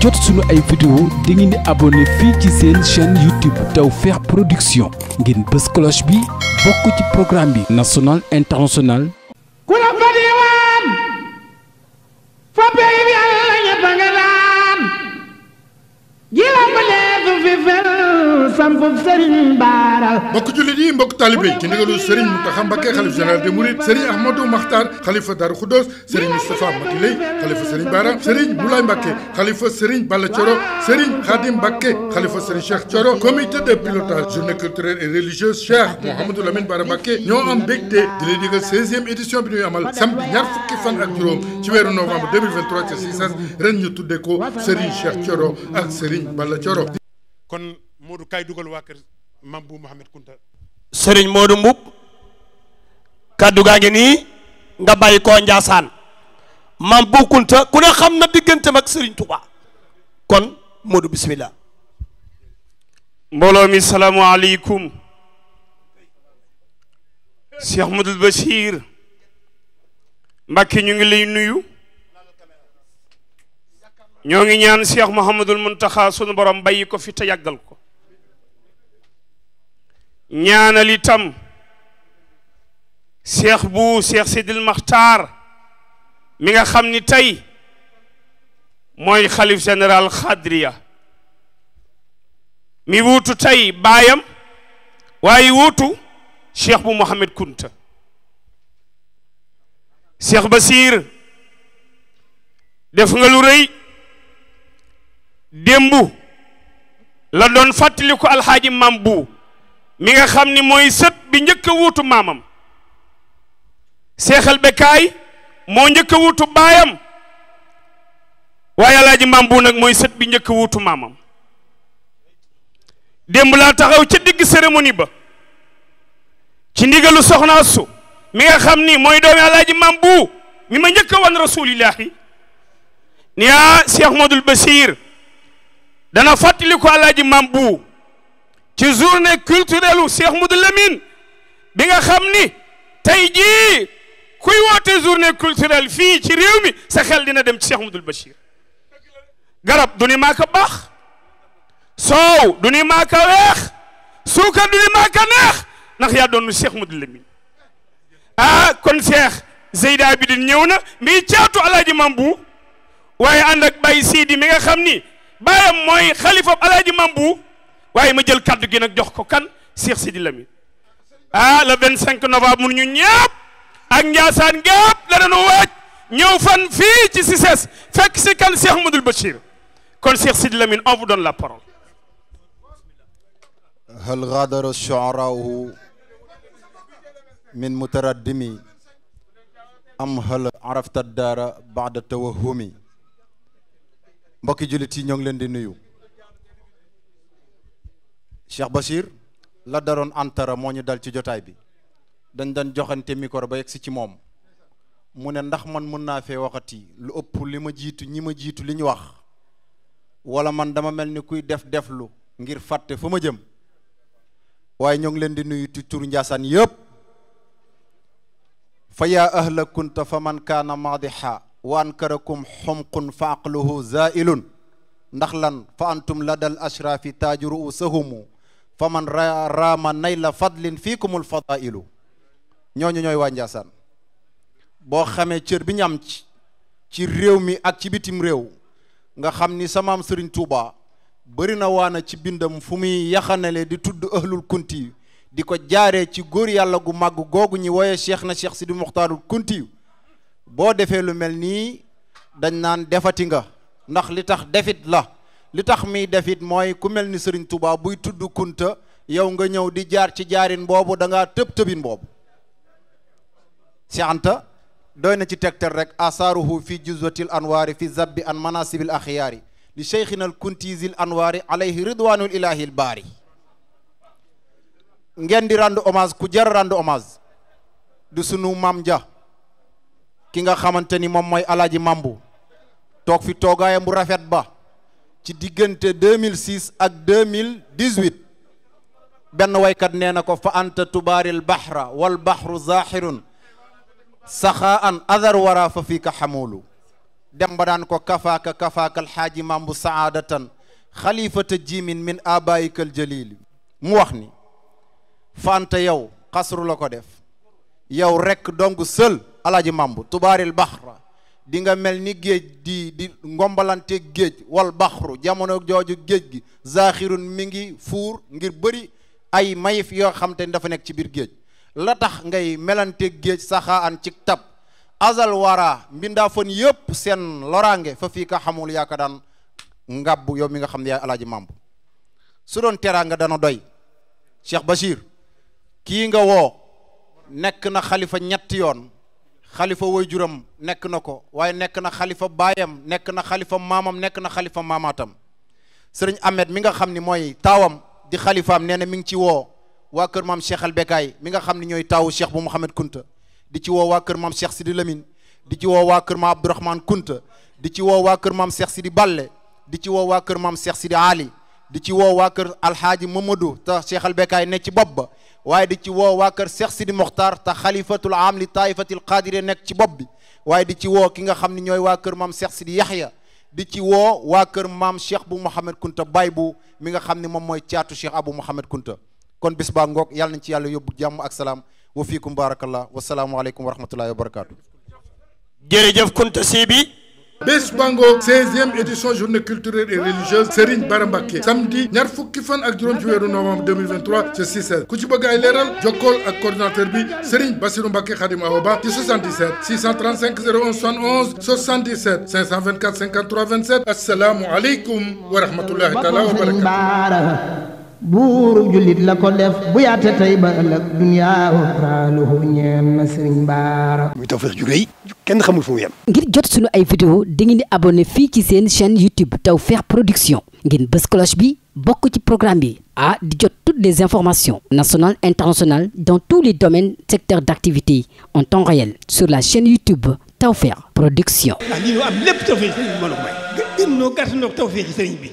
jot suñu ay vidéo da ngeen di abonné fii ci seen chaîne YouTube Tawfekh Production ngeen bës cloche bi bokk ci programme bi national international ku la fa diwaan fa pey bi Yàlla ñëpp a nga daan ji la fa fi fel sampub sëriñ baaral taalibe yi ci ndigalu Serigne Mountakha Mbacké xalif général des Mourides Serigne Ahmadou Makhtar xalifa Darou Khoudoss Serigne Moustapha Matiley xalifa Serigne Bara Serigne Moulay Mbacké xalifa Serigne Balla Thioro Serigne Khadim Mbacké xalifa Serigne Cheikh Thioro comité de pilotage journée culturelle et religieuse Cheikh Mouhamadou Lamine Bara Mbacké ñoo am mbégte di leen digal e édition bi ñuy amal samedi ñaar fukki ak juróom ci weeru novembre 2023 ci Cissas ren ñu tuddee ko Serigne Cheikh Thioro ak sëriñ Modou Mbub kaddu gaa ngi nii nga bàyyi koo Njaasaan maam Bu Kunta ku ne xam na digganteem ak sëriñ Touba kon Modou bismillah mbooloo mi salaamualeykum Cheikh Modou Bachir Mbacke ñu ngi lay nuyu ñoo ngi ñaan Cheikh Mouhamadul Muntaxa sunu borom bàyyi ko fi te yàggal ko ñaanal itam bu cheikh sidil maxtaar mi nga xam ni tay mooy xalif général xadriya mi wuutu tey baayam waaye wuutu cheikh bu mohammed kunta cheikh basir def nga lu rëy démb la doon fàttaliku alxaaji mam bu mi nga xam ni mooy sët bi njëkk a wuutu maamam seexal bekaay moo njëkk a mbaayam baayam waaye alaaji maam bu nag mooy sët bi njëkk a wuutu maamam démb laa taxaw ca digg cérémonie ba ci ndigalu soxna su mi nga xam ni mooy doomi alaaji maam bu mi ma njëkk a wan rasulillahi ni yaa Cheikh Modou Bachir dana fàttali alaaji maam bu ci journée culturelle u Cheikh Modou Lamine bi nga xam ni tey jii kuy woote journée culturelle fii ci réew mi sa xel dina dem ci Cheikh Modou Bachir garab du ni maaka baax soow du ni maaka weex suukar du ni maaka neex ndax yaa doon Cheikh Modou Lamine ah kon Cheikh Zeyda Abidin ñëw na mi caatu alaaji Mambu waaye ànd ak Baye Sidi mi nga xam ni baayam mooy xalifab alaaji Mambu waaye ma jël kaddu gi nag jox ko kan Cheikh Sidi Lamine ah le 25 novembre ñu ñëpp ak Ndiassane gépp la dañu waaj ñëw fan fii ci Cissesse fekk si kan Cheikh Ahmadoul Bachir kon Cheikh Sidi Lamine on vous la parole. هل غادر الشعراء من متردم am hal arafta daara baada tawahumi mbokki jullit yi ñoo ngi leen di nuyu Cheikh Bachir la daroon antara moo ñu dal ci jotaay bi dañ dan joxante mikoro ba yegsi ci moom mu ne ndax man mën naa fee waxati lu ëpp li ma jiitu ñi ma jiitu li ñu wax wala man dama mel ni kuy def deflu ngir fàtte fa ma jëm waaye ñoo ngi leen di nuyu ci tur Njaasaan yëpp fa yaa ahla kunta fa man kaana madiha wa ankarakum xumqun fa aqluhu zailun ndax lan fa antum la dal ashraafi taaju ruusahumu fa man raama nayla fadlin fiikumul fadailu ñooñu ñooy waa Njaasaan boo xamee cër bi ñu am ci ci réew mi ak ci bitim réew nga xam ni samaam maam Serigne Touba bëri na waana ci bindam fu muy yaxanale di tudd ahlul kunti di ko jaaree ci góor yàlla gu màgg googu ñi wooye cheikh na si di Muxtaarul kunti boo defee lu mel nii dañ naan defati nga ndax li tax defit la li tax muy def it mooy ku mel ni Serigne Touba buy tudd kunta yow nga ñëw di jaar ci jaarin boobu danga ngaa tëb tëbin boobu si anta doy na ci tegtal rek asaaruhu fi juzwatil anwaari fi zabbi an manasibil axiyaari di cheikhina al kuntizil anwaari alayhi ridwanul ilahi baari ngeen di rendre ku jar rendre hommage du sunu maam ja ki nga xamante ni moom mooy alaaji mambu toog fi toogaayam bu rafet ba ci diggante 2006 ak 2018 benn waykat nee na ko fa anta tubaaril baxra wal baxru zaaxirun saxaan wara fa fiika xamuulu dem ba ko kafaaka kafaakal xaaji mambu saadatan xalifata jimin min abaayikal jalili mu wax ni fa anta yow xasru ko def yow rekk dong sël alaaji mambu tubaaril baxra dinga mel ni géej di di ngombalante géej wal baxru jamono jooju géej gi zaaxirun mi ngi fuur ngir bëri ay mayif yoo xam te ni dafa nekk ci biir géej la tax ngay melante géej saxaa an ci tab azal wara mbindaa fan yëpp seen loraange fa fii ka xamul yaaka daan ngàbb yow mi nga xam ne yaay alaaji mamb su doon teraanga dana doy Cheikh Bachir kii nga woo nekk na xalifa ñetti yoon xalifa waajuram nekk na ko waaye nekk na xalifa baayam nekk na xalifa maamam nekk na xalifa maamaatam sëriñ Ahmed mi nga xam ni mooy taawam di xalifaam nee na mi ngi ci woo waa kër maam Cheikh Albekaay mi nga xam ni ñooy taawu Cheikh bu Mouhamed Kunta di ci wo waa kër maam Cheikh Sidi Lamine di ci woo waa kër maam Abdourahmane Kunta di ci wo waa kër maam Cheikh Sidi Balle di ci wo waa kër maam Cheikh Sidi Ali di ci woo waa kër Alhaaji Mamadou te Cheikh Albekaay ne ci bopp ba waaye di ci woo waa kër Cheikh Sidi Mokhtar te xalifatul am li taifatil qaadire nekk ci bopp bi waaye di ci woo ki nga xam ne ñooy waa kër maam Cheikh Sidi Yaxya di ci woo waa kër maam Cheikh bu Mouhamed Kunta bay bu mi nga xam ne moom mooy caatu Cheikh Abu Mouhamed Kunta kon bis baa ngoog yàlla ci yàlla yóbbu jàmm ak salaam wa fiikum baarakallah wa salaamu aleykum wa rahmatullahi wa barakaatu. jërëjëf Kunta Sibi. bés bango seizième édition journée culturelle et religieuse Serigne Bara Mbacké samedi ñaar fukki fan ak juróom ci weeru novembre 2023 ci Cissé ku ci bëgg ay leeral jokkool ak coordinateur bi Serigne Bassirou Mbacké Khadim Awoba ci 77 635 01 71 77 524 53 27 asalaamualeykum wa rahmatullahi taala wa barakatu buuru jullit la ko def bu yaate tey ba ëllëg dunyaa ñeen na sëriñ baara muy tawfeex ju rëy kenn xamul fu mu yem ngir jot sunu ay vidéo dangeen di abonné fii ci seen chaîne YouTube Tawfekh Production ngeen bës cloche bi bokk ci programme bi ah di jot toutes des informations national internationales dans tous les domaines secteurs d'activité en temps réel sur la chaîne YouTube Tawfekh Production. a ah, may. gën noo